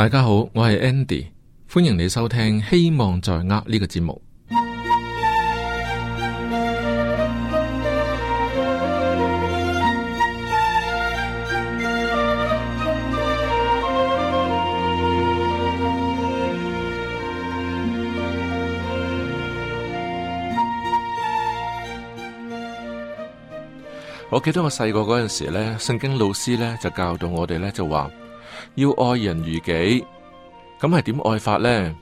大家好，我係 Andy，歡迎你收聽《希望在握》呢個節目。我記得我細個嗰陣時咧，聖經老師呢就教到我哋呢，就話，要愛人如己，咁係點愛法呢？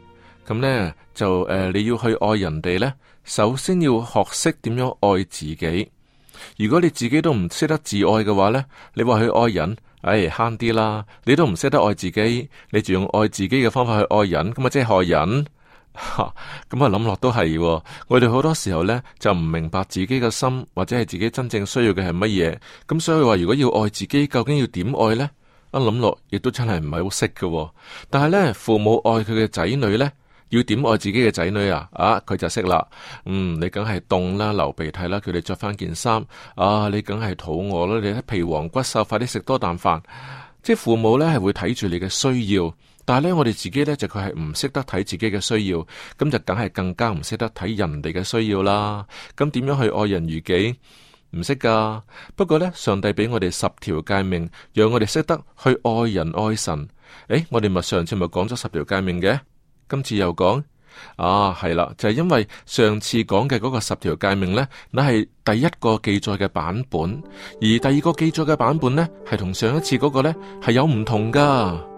咁呢，就誒、呃，你要去愛人哋呢，首先要學識點樣愛自己。如果你自己都唔識得自愛嘅話呢，你話去愛人，唉、哎，慳啲啦。你都唔識得愛自己，你仲用愛自己嘅方法去愛人，咁啊即係害人。咁啊諗落都係，我哋好多時候呢，就唔明白自己嘅心，或者係自己真正需要嘅係乜嘢。咁所以話，如果要愛自己，究竟要點愛呢？一諗落，亦都真係唔係好識噶但係呢，父母愛佢嘅仔女呢，要點愛自己嘅仔女啊？啊，佢就識啦。嗯，你梗係凍啦，流鼻涕啦，佢哋着翻件衫。啊，你梗係肚餓啦，你皮黃骨瘦，快啲食多啖飯。即係父母呢係會睇住你嘅需要，但係呢，我哋自己呢，就佢係唔識得睇自己嘅需要，咁就梗係更加唔識得睇人哋嘅需要啦。咁點樣去愛人如己？唔識噶，不過呢，上帝俾我哋十條誡命，讓我哋識得去愛人愛神。誒，我哋咪上次咪講咗十條誡命嘅？今次又講，啊係啦，就係因為上次講嘅嗰個十條誡命呢，那係第一個記載嘅版本，而第二個記載嘅版本呢，係同上一次嗰個呢，係有唔同噶。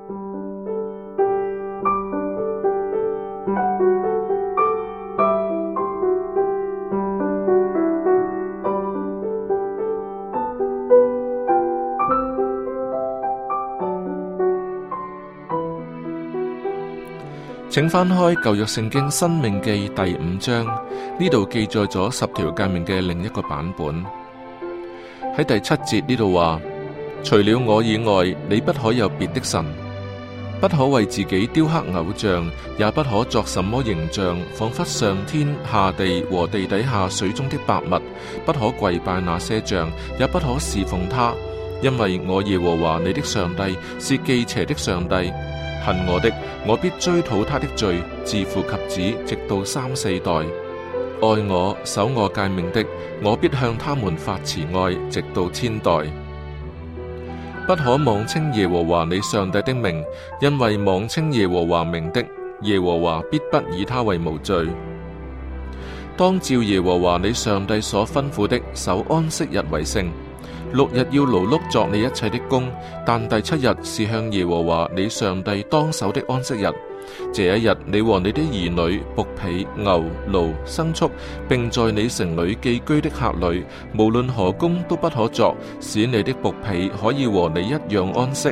請翻開舊約聖經《申命記》第五章，呢度記載咗十條誡命嘅另一個版本。喺第七節呢度話：除了我以外，你不可有別的神；不可為自己雕刻偶像，也不可作什麼形象，仿佛上天下地和地底下水中的百物；不可跪拜那些像，也不可侍奉他，因為我耶和華你的上帝是忌邪的上帝。恨我的，我必追討他的罪，自父及子，直到三四代；愛我、守我誡命的，我必向他們發慈愛，直到千代。不可妄稱耶和華你上帝的名，因為妄稱耶和華名的，耶和華必不以他為無罪。當照耶和華你上帝所吩咐的，守安息日為聖。六日要勞碌作你一切的工，但第七日是向耶和華你上帝當守的安息日。這一日，你和你的兒女、僕婢、牛、驢、牲畜，並在你城裏寄居的客旅，無論何工都不可作，使你的僕婢可以和你一樣安息。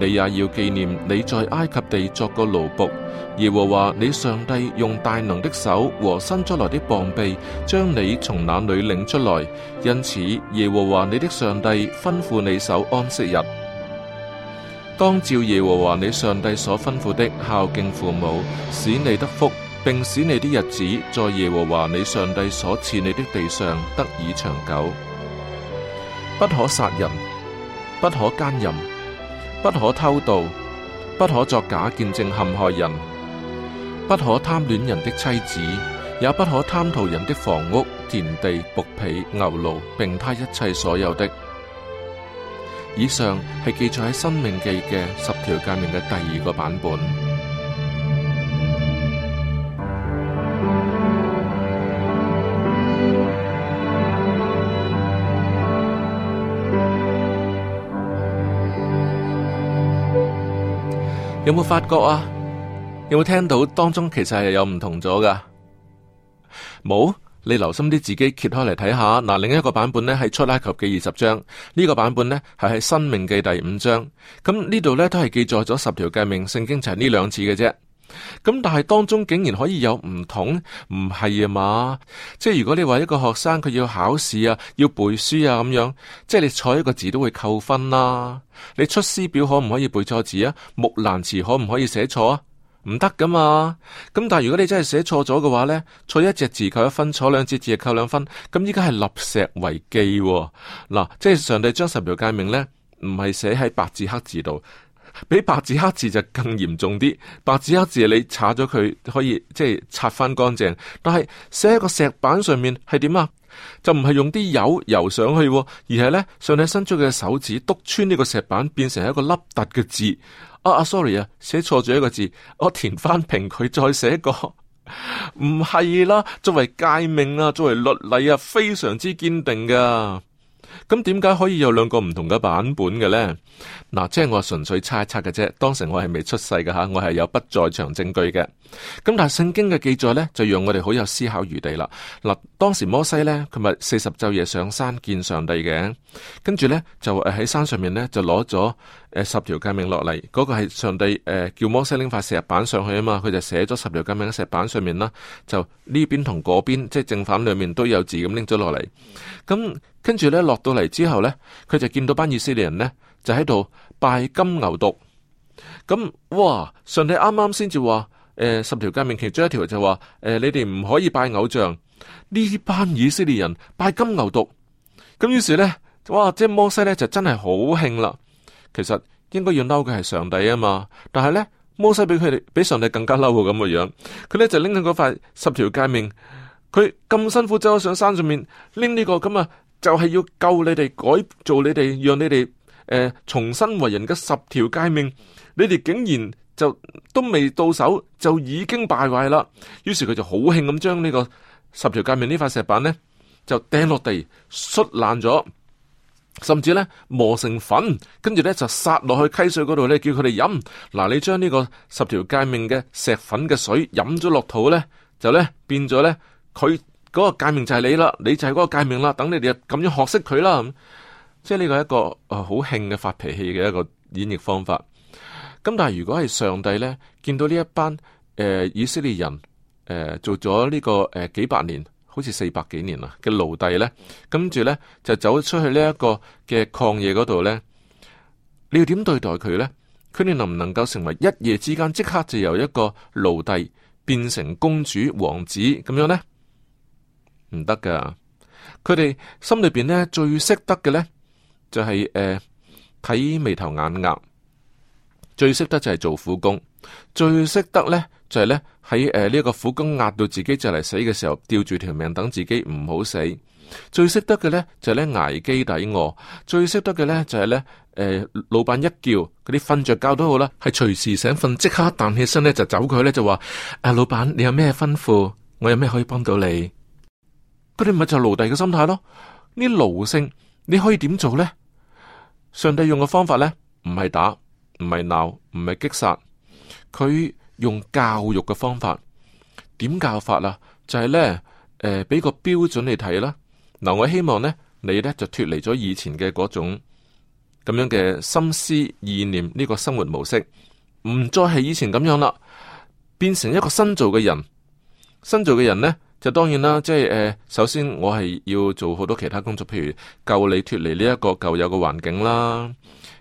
你也要紀念你在埃及地作過奴僕。耶和華你上帝用大能的手和伸出來的膀臂將你從那裏領出來，因此耶和華你的上帝吩咐你守安息日。當照耶和華你上帝所吩咐的孝敬父母，使你得福，並使你的日子在耶和華你上帝所賜你的地上得以長久。不可殺人，不可奸淫。不可偷盜，不可作假見證陷害人，不可貪戀人的妻子，也不可貪圖人的房屋、田地、僕婢、牛驢，並他一切所有的。以上係記載喺《申命記》嘅十條誡命嘅第二個版本。有冇發覺啊？有冇聽到當中其實係有唔同咗㗎？冇，你留心啲自己揭開嚟睇下。嗱，另一個版本呢係出埃及記二十章，呢、呢個版本呢係喺申命記第五章。咁呢度呢都係記載咗十條誡命，聖經就係呢兩次嘅啫。咁但係當中竟然可以有唔同，唔係啊嘛？即係如果你話一個學生佢要考試啊，要背書啊咁樣，即係你錯一個字都會扣分啦、啊。你出師表可唔可以背錯字啊？木蘭詞可唔可以寫錯啊？唔得噶嘛。咁但係如果你真係寫錯咗嘅話呢，錯一隻字扣一分，錯兩隻字就扣兩分。咁依家係立石為記、啊，嗱，即係上帝將十條誡命呢，唔係寫喺白字黑字度。比白紙黑字就更嚴重啲，白紙黑字你擦咗佢可以即係擦翻乾淨，但係寫喺個石板上面係點啊？就唔係用啲油油上去、啊，而係咧，上你伸出嘅手指督穿呢個石板，變成一個凹凸嘅字。啊啊，sorry 啊，寫錯咗一個字，我填翻平佢再寫一個。唔 係啦，作為誡命啊，作為律例啊，非常之堅定噶。咁點解可以有兩個唔同嘅版本嘅呢？嗱，即係我純粹猜測嘅啫。當時我係未出世嘅吓，我係有不在場證據嘅。咁但係聖經嘅記載呢，就讓我哋好有思考餘地啦。嗱，當時摩西呢，佢咪四十晝夜上山見上帝嘅，跟住呢，就喺山上面呢，就攞咗。誒，十條誡命落嚟嗰個係上帝誒、呃、叫摩西拎塊石板上去啊嘛，佢就寫咗十條誡命喺石板上面啦。就呢邊同嗰邊即係正反兩面都有字咁拎咗落嚟。咁跟住咧落到嚟之後咧，佢就見到班以色列人咧就喺度拜金牛犢。咁哇，上帝啱啱先至話誒，十條誡命其中一條就話誒、呃，你哋唔可以拜偶像，呢班以色列人拜金牛犢。咁於是咧哇，即係摩西咧就真係好㷫啦。其實應該要嬲嘅係上帝啊嘛，但係咧，摩西比佢哋比上帝更加嬲嘅咁嘅樣，佢咧就拎緊嗰塊十條誡命，佢咁辛苦走咗上山上面拎呢個咁啊，就係要救你哋，改造你哋，讓你哋誒重新為人嘅十條誡命，你哋竟然就都未到手就已經敗壞啦。於是佢就好興咁將呢個十條誡命呢塊石板咧就掟落地摔爛咗。甚至咧磨成粉，跟住咧就撒落去溪水嗰度咧，叫佢哋飲。嗱，你將呢個十條誡命嘅石粉嘅水飲咗落肚咧，就咧變咗咧，佢嗰個誡命就係你啦，你就係嗰個誡命啦。等你哋咁樣學識佢啦。咁即係呢個一個好興嘅發脾氣嘅一個演繹方法。咁但係如果係上帝咧，見到呢一班誒、呃、以色列人誒、呃、做咗呢、這個誒、呃、幾百年。好似四百幾年啦嘅奴隸咧，跟住咧就走出去呢一個嘅曠野嗰度咧，你要點對待佢咧？佢哋能唔能夠成為一夜之間即刻就由一個奴隸變成公主王子咁樣咧？唔得噶，佢哋心裏邊咧最識得嘅咧就係誒睇眉頭眼額，最識得就係做苦工，最識得咧。就係咧喺誒呢一、呃這個苦工壓到自己就嚟死嘅時候，吊住條命等自己唔好死。最識得嘅咧就係咧挨飢抵餓，最識得嘅咧就係咧誒，老闆一叫，嗰啲瞓着覺都好啦，係隨時醒瞓，即刻彈起身咧就走佢咧就話誒、啊，老闆你有咩吩咐，我有咩可以幫到你？佢哋咪就奴隸嘅心態咯，啲奴性，你可以點做咧？上帝用嘅方法咧，唔係打，唔係鬧，唔係擊殺佢。用教育嘅方法，點教法啦？就係呢，誒，俾個標準你睇啦。嗱，我希望呢，你呢就脫離咗以前嘅嗰種咁樣嘅心思意念、呢個生活模式，唔再係以前咁樣啦，變成一個新造嘅人。新造嘅人呢，就當然啦，即係呃，首先我係要做好多其他工作，譬如救你脫離呢一個舊有嘅環境啦，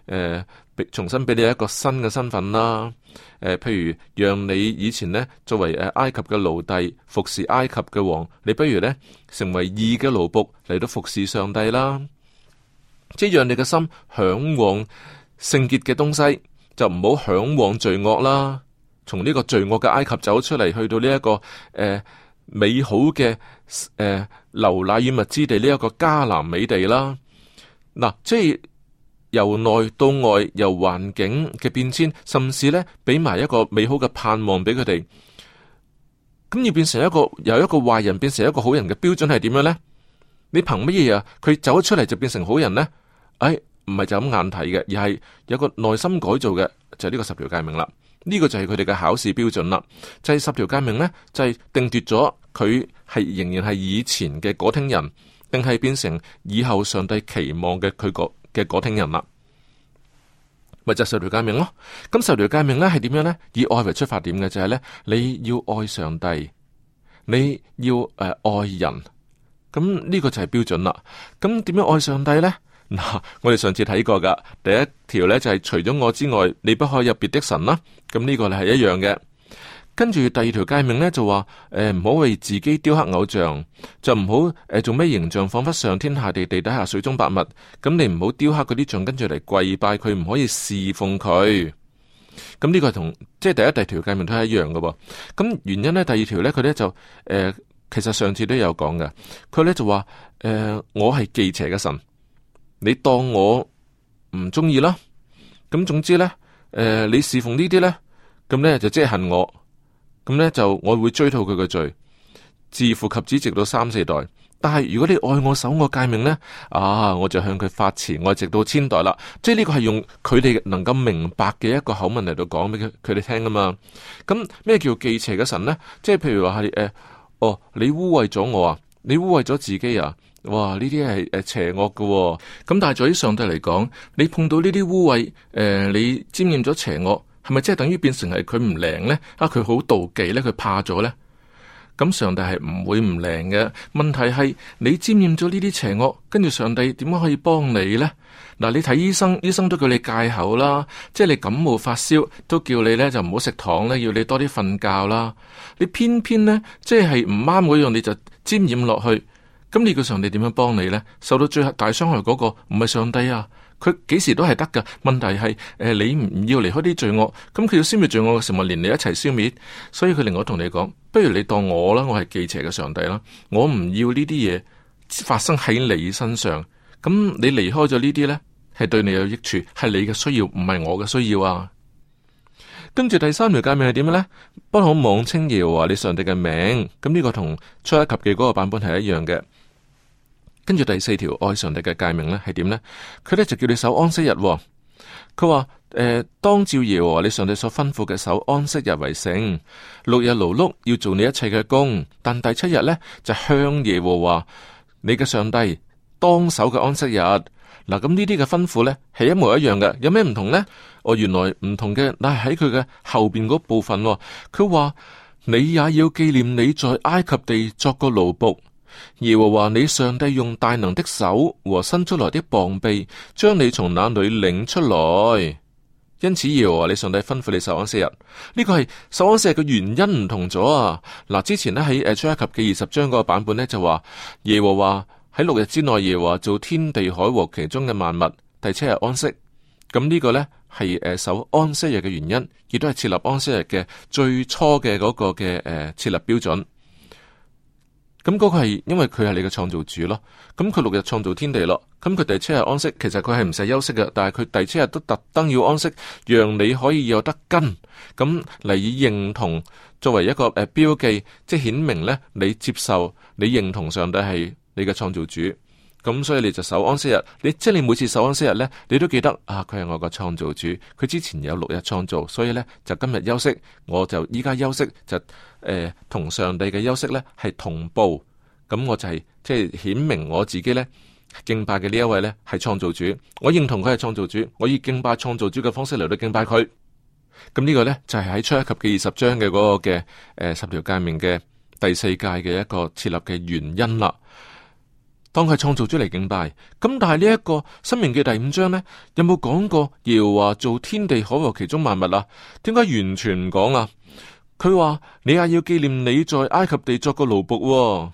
誒。重新俾你一個新嘅身份啦，呃，譬如讓你以前咧作為埃及嘅奴隸服侍埃及嘅王，你不如咧成為義嘅奴僕嚟到服侍上帝啦，即係讓你嘅心向往聖潔嘅東西，就唔好向往罪惡啦。從呢個罪惡嘅埃及走出嚟，去到呢、這、一個誒、呃、美好嘅誒、呃、流奶與蜜之地呢一、這個迦南美地啦，嗱、呃，即係。由內到外，由環境嘅變遷，甚至呢，俾埋一個美好嘅盼望俾佢哋。咁要變成一個由一個壞人變成一個好人嘅標準係點樣呢？你憑乜嘢啊？佢走咗出嚟就變成好人呢？哎，唔係就咁眼睇嘅，而係有個內心改造嘅，就係、是、呢個十條誡命啦。呢、這個就係佢哋嘅考試標準啦。就係、是、十條誡命呢，就係、是、定奪咗佢係仍然係以前嘅果聽人，定係變成以後上帝期望嘅佢個。嘅果聽人物，咪就係十條誡命咯。咁十條誡命咧係點樣咧？以愛為出發點嘅就係咧，你要愛上帝，你要誒愛人。咁呢個就係標準啦。咁點樣愛上帝咧？嗱，我哋上次睇過噶，第一條咧就係除咗我之外，你不可有別的神啦。咁呢個咧係一樣嘅。跟住第二條誡命咧就話，誒唔好為自己雕刻偶像，就唔好誒做咩形象，仿佛上天下地、地底下水中百物，咁你唔好雕刻嗰啲像，跟住嚟跪拜佢，唔可以侍奉佢。咁、嗯、呢、這個係同即係第一、第二條誡命都係一樣噶、哦。咁、嗯、原因咧，第二條咧佢咧就，誒、呃、其實上次都有講噶，佢咧就話，誒、呃、我係忌邪嘅神，你當我唔中意啦。咁總之咧，誒、呃、你侍奉呢啲咧，咁咧就即係恨我。咁呢、嗯，就我會追討佢嘅罪，自父及子直到三四代。但係如果你愛我，守我誡命呢，啊，我就向佢發慈愛，我直到千代啦。即係呢個係用佢哋能夠明白嘅一個口吻嚟到講俾佢哋聽噶嘛。咁、嗯、咩叫忌邪嘅神呢？即係譬如話係、呃、哦，你污穢咗我啊，你污穢咗自己啊，哇，呢啲係誒邪惡嘅、哦。咁但係在上帝嚟講，你碰到呢啲污穢，誒、呃，你沾染咗邪惡。係咪即係等於變成係佢唔靈呢？啊，佢好妒忌呢，佢怕咗呢。咁上帝係唔會唔靈嘅。問題係你沾染咗呢啲邪惡，跟住上帝點樣可以幫你呢？嗱、啊，你睇醫生，醫生都叫你戒口啦。即係你感冒發燒都叫你呢就唔好食糖呢要你多啲瞓覺啦。你偏偏呢，即係唔啱嗰樣，你就沾染落去。咁、嗯、你叫上帝點樣幫你呢？受到最大傷害嗰個唔係上帝啊！佢幾時都係得噶問題係誒、呃，你唔要離開啲罪惡，咁佢要消滅罪惡嘅時候，連你一齊消滅。所以佢另外同你講，不如你當我啦，我係忌邪嘅上帝啦，我唔要呢啲嘢發生喺你身上。咁你離開咗呢啲咧，係對你有益處，係你嘅需要，唔係我嘅需要啊。跟住第三條誡命係點咧？不可妄稱耶和華你上帝嘅名。咁呢個同出埃及記嗰個版本係一樣嘅。跟住第四條愛上帝嘅誡命咧係點呢？佢咧就叫你守安息日、哦。佢話：誒、呃，當照耶和華你上帝所吩咐嘅守安息日為聖，六日勞碌要做你一切嘅工，但第七日呢就向耶和華你嘅上帝當守嘅安息日。嗱，咁呢啲嘅吩咐呢係一模一樣嘅，有咩唔同呢？我、哦、原來唔同嘅，但那係喺佢嘅後邊嗰部分、哦。佢話，你也要紀念你在埃及地作過奴僕。」耶和華你上帝用大能的手和伸出來的膀臂，將你從那裏領出來。因此，耶和華你上帝吩咐你守安息日。呢、這個係守安息日嘅原因唔同咗啊！嗱，之前咧喺誒出埃及嘅二十章嗰個版本呢，就話，耶和華喺六日之內，耶和華造天地海和其中嘅萬物，第七日安息。咁、這、呢個呢係誒守安息日嘅原因，亦都係設立安息日嘅最初嘅嗰個嘅誒設立標準。咁嗰個係因為佢係你嘅創造主咯，咁佢六日創造天地咯，咁佢第七日安息，其實佢係唔使休息嘅，但係佢第七日都特登要安息，讓你可以有得跟，咁嚟以認同作為一個誒標記，即係顯明咧你接受你認同上帝係你嘅創造主。咁所以你就守安息日，你即係你每次守安息日呢，你都記得啊，佢係我嘅創造主，佢之前有六日創造，所以呢，就今日休息，我就依家休息就誒、呃、同上帝嘅休息呢係同步，咁我就係即係顯明我自己呢敬拜嘅呢一位呢係創造主，我認同佢係創造主，我以敬拜創造主嘅方式嚟到敬拜佢。咁呢個呢就係喺出埃及嘅二十章嘅嗰、那個嘅誒、呃、十條誡命嘅第四誡嘅一個設立嘅原因啦。當佢係創造主嚟敬拜，咁但係呢一個《申命記》第五章呢，有冇講過？要話做天地可和其中萬物啦，啊，點解完全唔講啊？佢話你也要紀念你在埃及地作個奴僕，哦、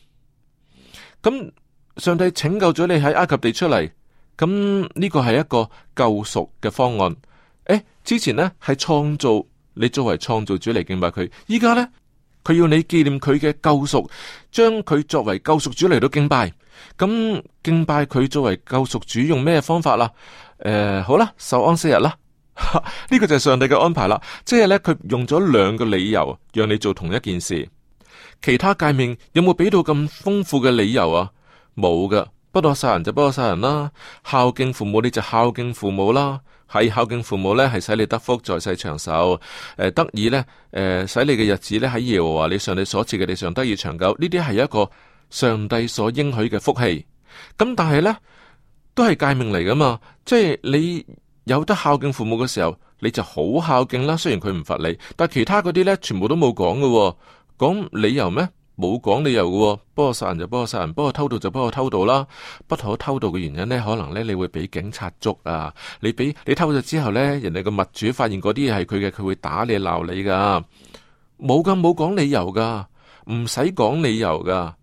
咁、嗯、上帝拯救咗你喺埃及地出嚟，咁呢個係一個救贖嘅方案。誒、欸，之前呢係創造你作為創造主嚟敬拜佢，依家呢？佢要你紀念佢嘅救贖，將佢作為救贖主嚟到敬拜。咁敬拜佢作為救贖主用咩方法啦？誒、呃，好啦，守安息日啦。呢 個就係上帝嘅安排啦。即係咧，佢用咗兩個理由讓你做同一件事。其他界面有冇俾到咁豐富嘅理由啊？冇㗎。不可殺人就不可殺人啦，孝敬父母你就孝敬父母啦。係孝敬父母呢，係使你得福，在世長壽。誒、呃、得以呢，誒、呃、使你嘅日子呢，喺耶和華你上帝所賜嘅地上得以長久。呢啲係一個上帝所應許嘅福氣。咁但係呢，都係誡命嚟噶嘛？即係你有得孝敬父母嘅時候，你就好孝敬啦。雖然佢唔罰你，但其他嗰啲呢，全部都冇講嘅，講理由咩？冇講理由嘅，幫我殺人就幫我殺人，幫我偷盜就幫我偷盜啦。不可偷盜嘅原因呢，可能呢，你會俾警察捉啊。你俾你偷咗之後呢，人哋嘅物主發現嗰啲嘢係佢嘅，佢會打你鬧你噶。冇噶，冇講理由噶，唔使講理由噶。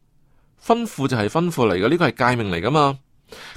吩咐就係吩咐嚟嘅，呢個係誡命嚟噶嘛。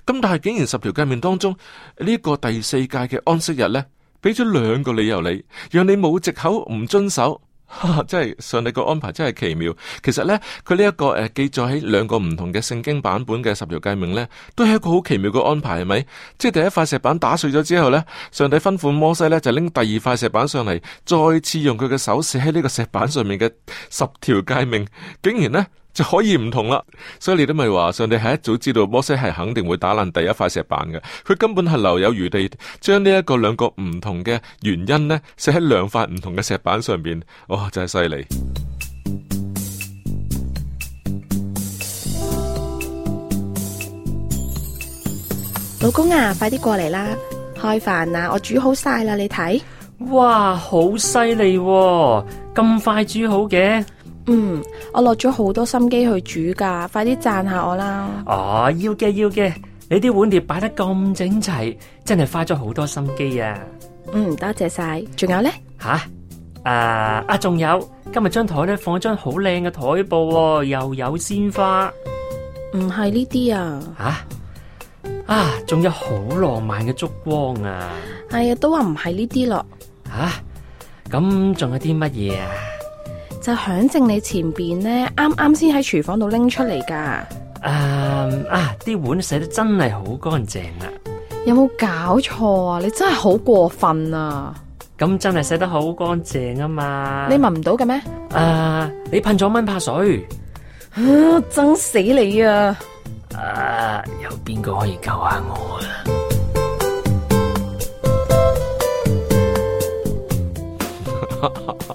咁但係竟然十條誡命當中呢個第四誡嘅安息日呢，俾咗兩個理由你，讓你冇藉口唔遵守。啊、真係上帝個安排真係奇妙。其實呢，佢呢一個誒、呃、記載喺兩個唔同嘅聖經版本嘅十條誡命呢，都係一個好奇妙嘅安排，係咪？即係第一塊石板打碎咗之後呢，上帝吩咐摩西呢，就拎第二塊石板上嚟，再次用佢嘅手寫喺呢個石板上面嘅十條誡命，竟然呢。就可以唔同啦，所以你都咪話，上帝係一早知道摩西係肯定會打爛第一塊石板嘅，佢根本係留有餘地，將呢一個兩個唔同嘅原因呢，寫喺兩塊唔同嘅石板上邊，哇、哦，真係犀利！老公啊，快啲過嚟啦，開飯啦，我煮好晒啦，你睇，哇，好犀利，啊，咁快煮好嘅。嗯，我落咗好多心機去煮㗎，快啲讚下我啦！哦，要嘅要嘅，你啲碗碟擺得咁整齊，真係花咗好多心機啊！嗯，多謝晒，仲有咧吓？誒啊，仲、啊、有今日張台咧放咗張好靚嘅台布，又有鮮花，唔係呢啲啊？吓啊，仲、啊、有好浪漫嘅燭光啊！係、哎、啊，都話唔係呢啲咯。吓，咁仲有啲乜嘢啊？就響正你前邊咧，啱啱先喺廚房度拎出嚟噶。誒、um, 啊，啲碗洗得真係好乾淨啊！有冇搞錯啊？你真係好過分啊！咁真係洗得好乾淨啊嘛？你聞唔到嘅咩？啊！你噴咗、uh, 蚊怕水啊！憎死你啊！啊！Uh, 有邊個可以救下我啊？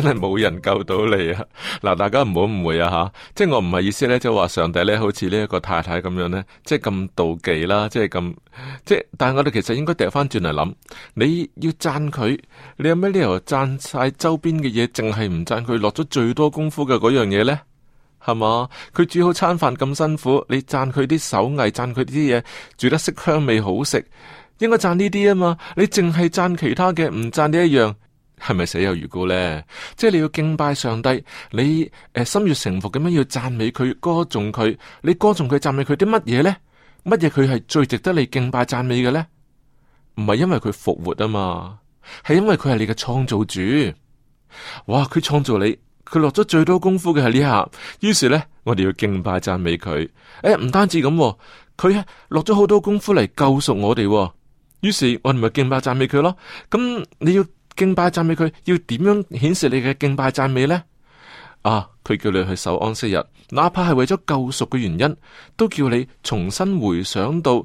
真係冇人救到你啊！嗱，大家唔好誤會啊吓，即係我唔係意思咧，即係話上帝咧，好似呢一個太太咁樣咧，即係咁妒忌啦，即係咁即係。但係我哋其實應該掉翻轉嚟諗，你要讚佢，你有咩理由讚晒周邊嘅嘢，淨係唔讚佢落咗最多功夫嘅嗰樣嘢呢？係嘛，佢煮好餐飯咁辛苦，你讚佢啲手藝，讚佢啲嘢煮得色香味好食，應該讚呢啲啊嘛，你淨係讚其他嘅，唔讚呢一樣。係咪死有餘辜咧？即係你要敬拜上帝，你，誒、呃、心悅誠服咁樣要讚美佢，歌頌佢。你歌頌佢、讚美佢啲乜嘢咧？乜嘢佢係最值得你敬拜讚美嘅咧？唔係因為佢復活啊嘛，係因為佢係你嘅創造主。哇！佢創造你，佢落咗最多功夫嘅係呢下。於是咧，我哋要敬拜讚美佢。誒、哎，唔單止咁，佢落咗好多功夫嚟救贖我哋。於是我哋咪敬拜讚美佢咯。咁你要。敬拜讚美佢要點樣顯示你嘅敬拜讚美呢？啊，佢叫你去守安息日，哪怕係為咗救贖嘅原因，都叫你重新回想到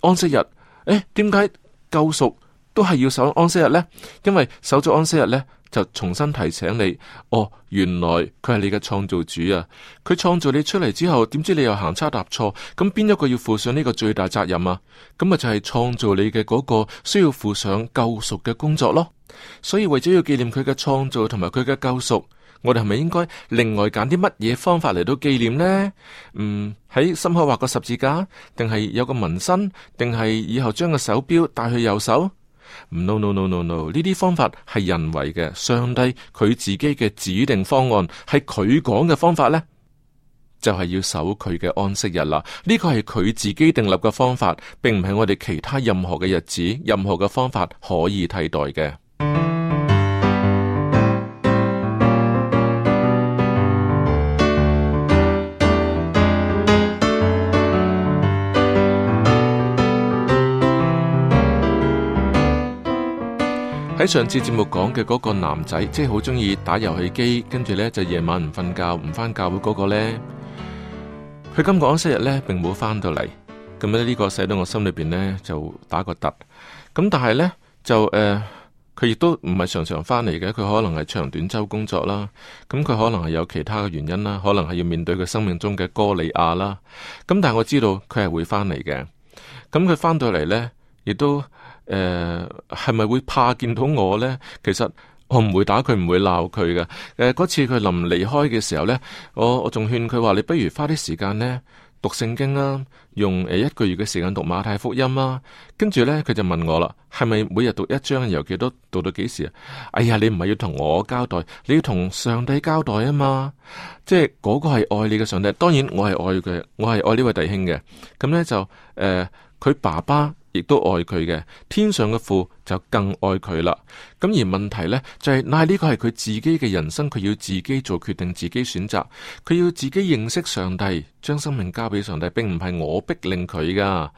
安息日。誒，點解救贖都係要守安息日呢？因為守咗安息日呢。就重新提醒你，哦，原來佢係你嘅創造主啊！佢創造你出嚟之後，點知你又行差踏錯，咁邊一個要負上呢個最大責任啊？咁啊就係創造你嘅嗰個需要負上救贖嘅工作咯。所以為咗要紀念佢嘅創造同埋佢嘅救贖，我哋係咪應該另外揀啲乜嘢方法嚟到紀念呢？嗯，喺心口畫個十字架，定係有個紋身，定係以後將個手錶帶去右手？No, no, no, no, no，呢啲方法係人為嘅，上帝佢自己嘅指定方案係佢講嘅方法呢，就係、是、要守佢嘅安息日啦。呢個係佢自己定立嘅方法，並唔係我哋其他任何嘅日子、任何嘅方法可以替代嘅。上次節目講嘅嗰個男仔，即係好中意打遊戲機，跟住呢就夜晚唔瞓覺，唔返教會嗰個呢。佢今個安息日呢，並冇返到嚟，咁咧呢個使到我心裏邊呢，就打個突。咁但係呢，就誒，佢、呃、亦都唔係常常返嚟嘅，佢可能係長短周工作啦，咁佢可能係有其他嘅原因啦，可能係要面對佢生命中嘅哥利亞啦。咁但係我知道佢係會返嚟嘅，咁佢返到嚟呢，亦都。誒，係咪、呃、會怕見到我呢？其實我唔會打佢，唔會鬧佢嘅。誒、呃，嗰次佢臨離開嘅時候呢，我我仲勸佢話：，你不如花啲時間呢，讀聖經啦、啊，用誒一個月嘅時間讀馬太福音啦、啊。跟住呢，佢就問我啦：，係咪每日讀一章，由幾多讀到幾時啊？哎呀，你唔係要同我交代，你要同上帝交代啊嘛！即係嗰、那個係愛你嘅上帝。當然我係愛佢，我係愛呢位弟兄嘅。咁呢，就誒，佢、呃、爸爸。亦都愛佢嘅，天上嘅父就更愛佢啦。咁而問題呢，就係，嗱，呢個係佢自己嘅人生，佢要自己做決定，自己選擇，佢要自己認識上帝，將生命交俾上帝，並唔係我逼令佢噶。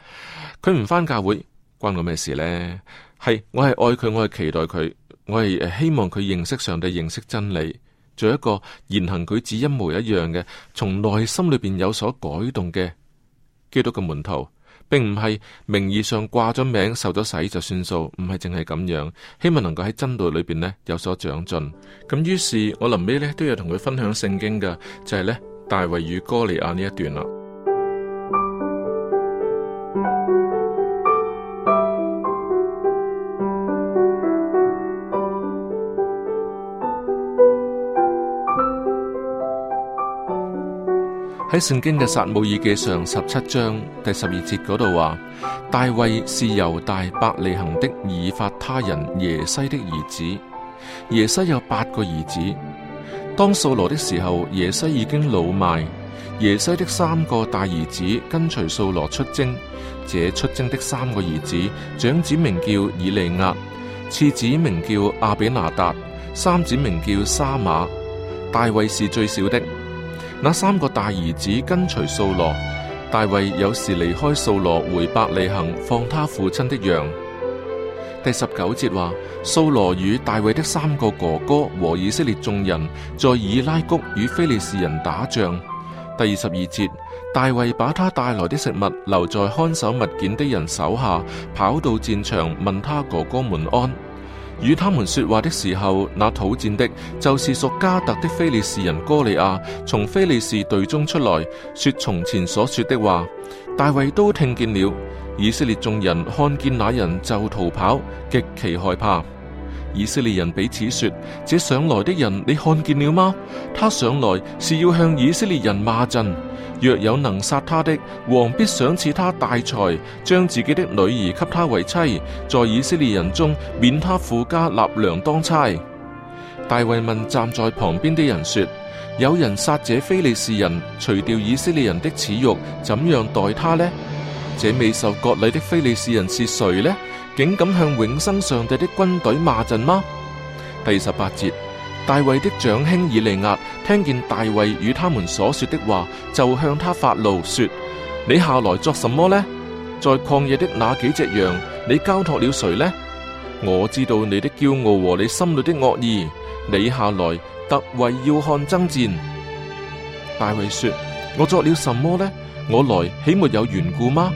佢唔返教會，關我咩事呢？係，我係愛佢，我係期待佢，我係希望佢認識上帝，認識真理，做一個言行舉止一模一樣嘅、從內心裏邊有所改動嘅基督嘅門徒。並唔係名義上掛咗名、受咗洗就算數，唔係淨係咁樣，希望能夠喺真道裏邊咧有所長進。咁於是我臨尾咧都有同佢分享聖經嘅，就係呢大衛與哥利亞呢一段啦。喺聖經嘅撒母耳記上十七章第十二節嗰度話， 大衛是猶大伯利恆的以法他人耶西的兒子。耶西有八個兒子。當掃羅的時候，耶西已經老邁。耶西的三個大兒子跟隨掃羅出征。這出征的三個兒子，長子名叫以利押，次子名叫亞比拿達，三子名叫沙瑪。大衛是最小的。那三個大兒子跟隨掃羅，大衛有時離開掃羅回伯利恒放他父親的羊。第十九節話，掃羅與大衛的三個哥哥和以色列眾人在以拉谷與非利士人打仗。第二十二節，大衛把他帶來的食物留在看守物件的人手下，跑到戰場問他哥哥們安。與他們說話的時候，那討戰的，就是屬加特的非利士人哥利亞，從非利士隊中出來，說從前所說的話，大衛都聽見了。以色列眾人看見那人就逃跑，極其害怕。以色列人彼此說：這上來的人，你看見了嗎？他上來是要向以色列人罵陣。若有能殺他的，王必賞賜他大財，將自己的女兒給他為妻，在以色列人中免他父家納糧當差。大衛問站在旁邊的人說：有人殺這非利士人，除掉以色列人的恥辱，怎樣待他呢？這未受割禮的非利士人是誰呢？竟敢向永生上帝的軍隊罵陣嗎？第十八節。大衛的長兄以利押聽見大衛與他們所說的話，就向他發怒說：你下來作什麼呢？在曠野的那幾隻羊，你交託了誰呢？我知道你的驕傲和你心裏的惡意。你下來，特為要看爭戰。大衛說：我作了什麼呢？我來豈沒有緣故嗎？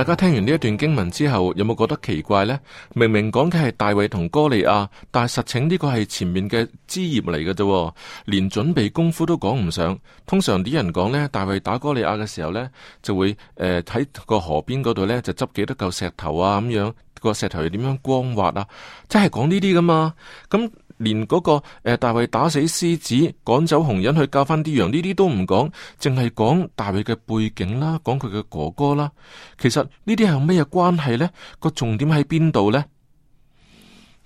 大家聽完呢一段經文之後，有冇覺得奇怪呢？明明講嘅係大衛同哥利亞，但係實情呢個係前面嘅枝葉嚟嘅啫，連準備功夫都講唔上。通常啲人講呢，大衛打哥利亞嘅時候呢，就會誒喺、呃、個河邊嗰度呢，就執幾多嚿石頭啊咁樣，個石頭點樣光滑啊，即係講呢啲噶嘛？咁。連嗰個誒大衛打死獅子趕走紅人去教翻，啲羊呢啲都唔講，淨係講大衛嘅背景啦，講佢嘅哥哥啦。其實呢啲係咩關係呢？個重點喺邊度呢？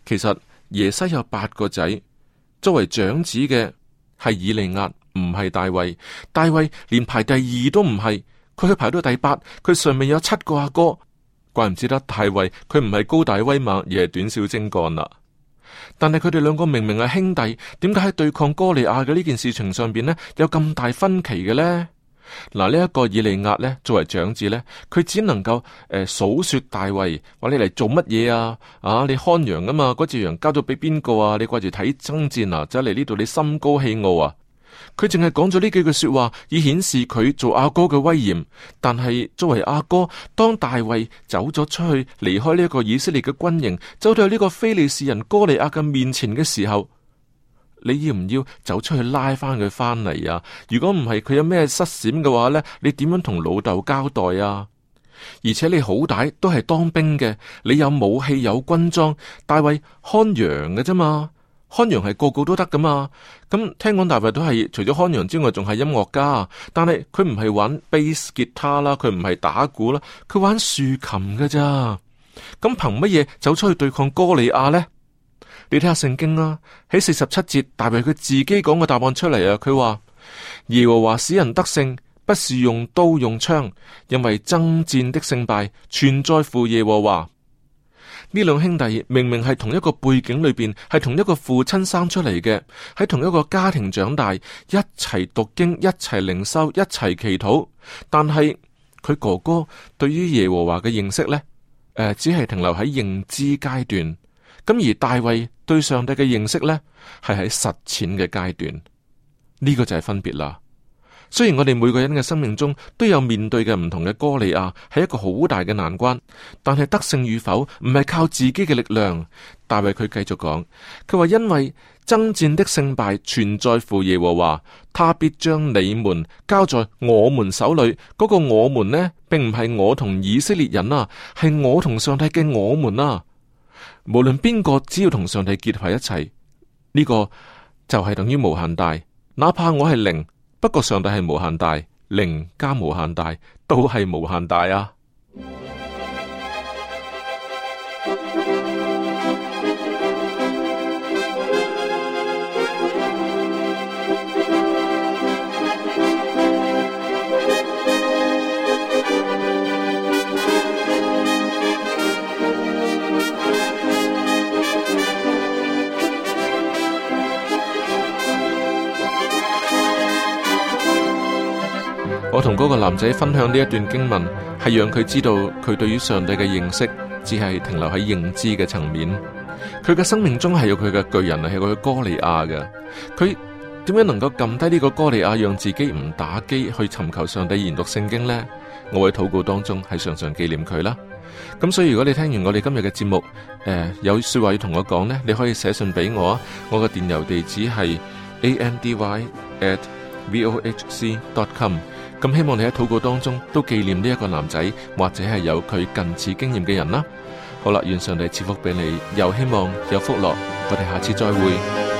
其實耶西有八個仔，作為長子嘅係以利押，唔係大衛。大衛連排第二都唔係，佢去排到第八，佢上面有七個阿哥，怪唔知得大衛佢唔係高大威猛，而係短小精幹啦、啊。但係佢哋兩個明明係兄弟，點解喺對抗哥利亞嘅呢件事情上邊呢有咁大分歧嘅呢？嗱，呢、這、一個以利押呢，作為長子呢，佢只能夠誒數說大衛，話你嚟做乜嘢啊？啊，你看羊啊嘛，嗰隻羊交咗俾邊個啊？你掛住睇爭戰啊，走嚟呢度你心高氣傲啊！佢淨係講咗呢幾句說話，以顯示佢做阿哥嘅威嚴。但係作為阿哥，當大衛走咗出去，離開呢一個以色列嘅軍營，走到呢個非利士人哥利亞嘅面前嘅時候，你要唔要走出去拉翻佢翻嚟啊？如果唔係佢有咩失閃嘅話呢，你點樣同老豆交代啊？而且你好歹都係當兵嘅，你有武器有軍裝，大衛看羊嘅啫嘛。看羊係個個都得噶嘛？咁聽講大衛都係除咗看羊之外，仲係音樂家。但係佢唔係玩 Bass 吉他啦，佢唔係打鼓啦，佢玩豎琴噶咋？咁憑乜嘢走出去對抗哥利亞呢？你睇下聖經啦，啊，喺四十七節，大衛佢自己講個答案出嚟啊。佢話耶和華使人得勝，不是用刀用槍，因為爭戰的勝敗全在乎耶和華。呢兩兄弟明明係同一個背景裏邊，係同一個父親生出嚟嘅，喺同一個家庭長大，一齊讀經，一齊靈修，一齊祈禱。但係佢哥哥對於耶和華嘅認識呢，只係停留喺認知階段。咁而大衛對上帝嘅認識呢，係喺實踐嘅階段。呢個就係分別啦。雖然我哋每個人嘅生命中都有面對嘅唔同嘅哥利亞，係一個好大嘅難關，但係得勝與否唔係靠自己嘅力量。大衛佢繼續講，佢話因為爭戰的勝敗全在乎耶和華，他必將你們交在我們手裏。嗰、那個我們呢，並唔係我同以色列人啊，係我同上帝嘅我們啊。無論邊個，只要同上帝結合一齊，呢、這個就係等於無限大。哪怕我係零。不過上帝係無限大，零加無限大，都係無限大啊。我同嗰個男仔分享呢一段經文，係讓佢知道佢對於上帝嘅認識只係停留喺認知嘅層面。佢嘅生命中係有佢嘅巨人，係佢嘅哥利亞嘅。佢點樣能夠撳低呢個哥利亞，讓自己唔打機，去尋求上帝研讀聖經呢？我喺禱告當中係常常紀念佢啦。咁所以如果你聽完我哋今日嘅節目，誒、呃、有說話要同我講呢，你可以寫信俾我啊。我嘅電郵地址係 a n d y at v o h c dot com。咁希望你喺禱告當中都紀念呢一個男仔，或者係有佢近似經驗嘅人啦。好啦，願上帝賜福俾你，又希望有福樂，我哋下次再會。